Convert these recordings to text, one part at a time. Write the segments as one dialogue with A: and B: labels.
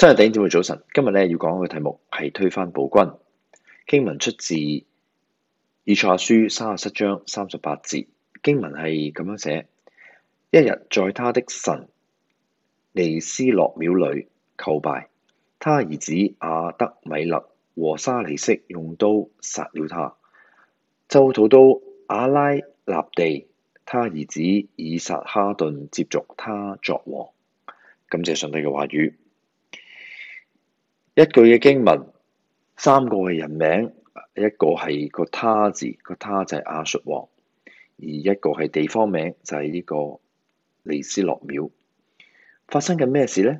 A: 今日頂點節目早晨，今日咧要講嘅題目係推翻暴君。經文出自以賽亞書三十七章三十八節，經文係咁樣寫：一日在他的神尼斯洛廟裏叩拜，他兒子亞得米勒和沙利色用刀殺了他，就逃到亞拉臘地，他兒子以撒哈頓接續他作王。感謝上帝嘅話語。一句嘅經文，三個係人名，一個係個他字，個他就係亞述王，而一個係地方名，就係、是、呢個尼斯洛廟。發生緊咩事咧？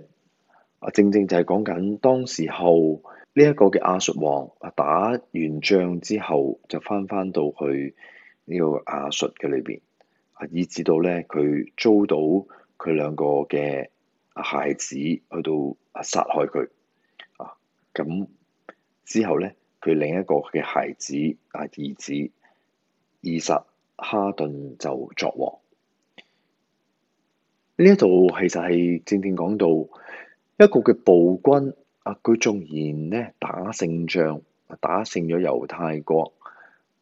A: 啊，正正就係講緊當時候呢一、這個嘅亞述王，打完仗之後，就翻翻到去呢個亞述嘅裏邊，以至到咧佢遭到佢兩個嘅孩子去到殺害佢。咁之後咧，佢另一個嘅孩子啊，兒子以撒哈頓就作王。呢一度其實係正正講到一個嘅暴君啊，佢仲然呢打勝仗，打勝咗猶太國。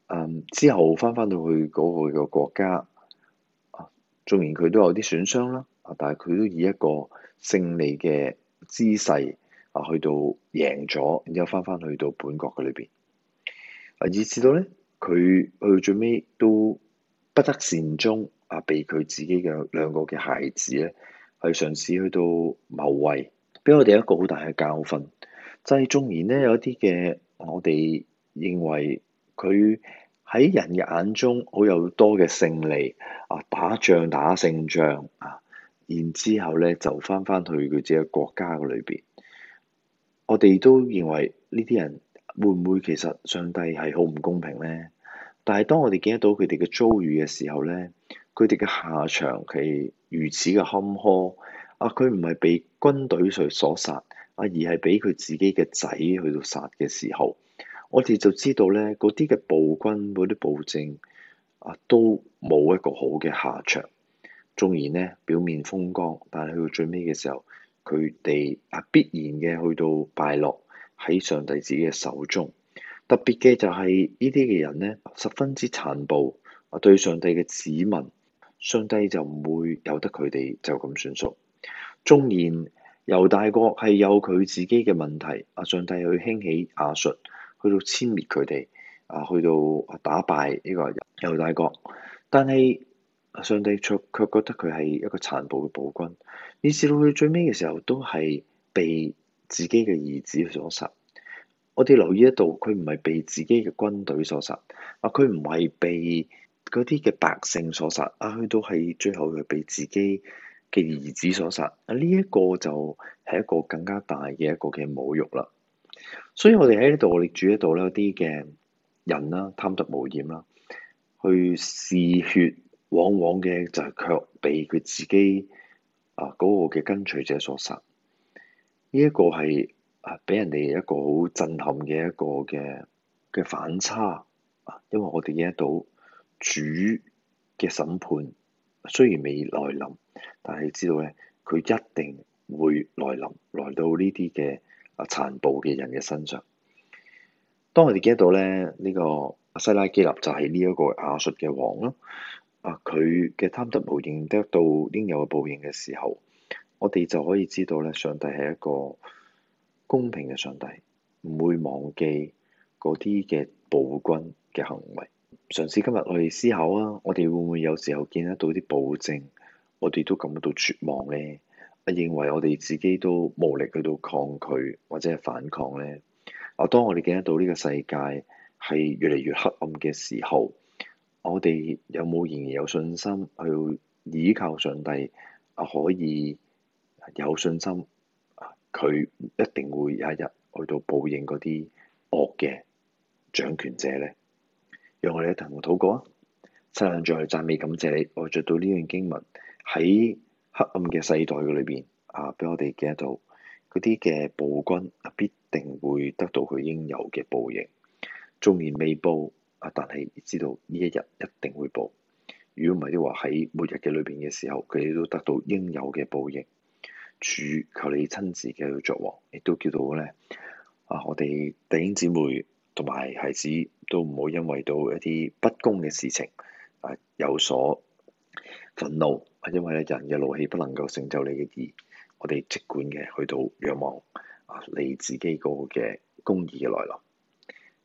A: 嗯，之後翻翻到去嗰個嘅國家，仲然佢都有啲損傷啦。啊，但係佢都以一個勝利嘅姿勢。啊，去到贏咗，然之後翻翻去到本國嘅裏邊啊，以至到咧，佢佢最尾都不得善終啊，被佢自己嘅兩個嘅孩子咧，係嘗試去到謀位，俾我哋一個好大嘅教訓。就係、是、縱然咧，有一啲嘅我哋認為佢喺人嘅眼中好有多嘅勝利啊，打仗打勝仗啊，然之後咧就翻翻去佢自己國家嘅裏邊。我哋都認為呢啲人會唔會其實上帝係好唔公平呢？但係當我哋見得到佢哋嘅遭遇嘅時候，呢佢哋嘅下場係如此嘅坎坷。啊，佢唔係被軍隊上所殺，啊，而係俾佢自己嘅仔去到殺嘅時候，我哋就知道呢嗰啲嘅暴君，嗰啲暴政啊，都冇一個好嘅下場。縱然呢表面風光，但係去到最尾嘅時候。佢哋啊必然嘅去到敗落喺上帝自己嘅手中，特別嘅就係呢啲嘅人呢，十分之殘暴啊對上帝嘅子民，上帝就唔會由得佢哋就咁算數。縱然猶大國係有佢自己嘅問題，啊上帝去興起亞述去到殲滅佢哋啊，去到打敗呢個猶大國，但係。上帝卻卻覺得佢係一個殘暴嘅暴君，你至到佢最尾嘅時候，都係被自己嘅兒子所殺。我哋留意得到，佢唔係被自己嘅軍隊所殺，啊佢唔係被嗰啲嘅百姓所殺，啊佢都係最後佢被自己嘅兒子所殺。啊呢一個就係一個更加大嘅一個嘅侮辱啦。所以我哋喺呢度，我哋住喺度呢啲嘅人啦，貪得無厭啦，去嗜血。往往嘅就係卻被佢自己啊嗰個嘅跟隨者所殺。呢一個係啊俾人哋一個好震撼嘅一個嘅嘅反差。因為我哋見得到主嘅審判雖然未來臨，但係知道咧佢一定會來臨，來到呢啲嘅啊殘暴嘅人嘅身上。當我哋見得到咧呢個亞西拿基立就係呢一個亞述嘅王咯。佢嘅貪得無厭得到應有嘅報應嘅時候，我哋就可以知道咧，上帝係一個公平嘅上帝，唔會忘記嗰啲嘅暴君嘅行為。嘗試今日我哋思考啊，我哋會唔會有時候見得到啲暴政，我哋都感到絕望呢，啊，認為我哋自己都無力去到抗拒或者係反抗呢。啊，當我哋見得到呢個世界係越嚟越黑暗嘅時候。我哋有冇仍然有信心去依靠上帝？啊，可以有信心，佢一定會有一日去到報應嗰啲惡嘅掌權者咧。讓我哋一同禱告啊！神啊，再讚美感謝你，我着到呢段經文喺黑暗嘅世代裏邊啊，俾我哋記得到嗰啲嘅暴君、啊、必定會得到佢應有嘅報應，縱然未報。啊！但係知道呢一日一定會報。如果唔係嘅話，喺末日嘅裏邊嘅時候，佢哋都得到應有嘅報應。主求你親自嘅作王，亦都叫到咧啊！我哋弟兄姊妹同埋孩子都唔好因為到一啲不公嘅事情啊，有所憤怒。啊，因為咧人嘅怒氣不能夠成就你嘅義。我哋即管嘅去到仰望啊，你自己嗰個嘅公義嘅來臨。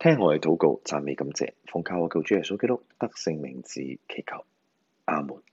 A: 聽我哋禱告、讚美、感謝，奉靠我救主耶穌基督得勝名字祈求，阿門。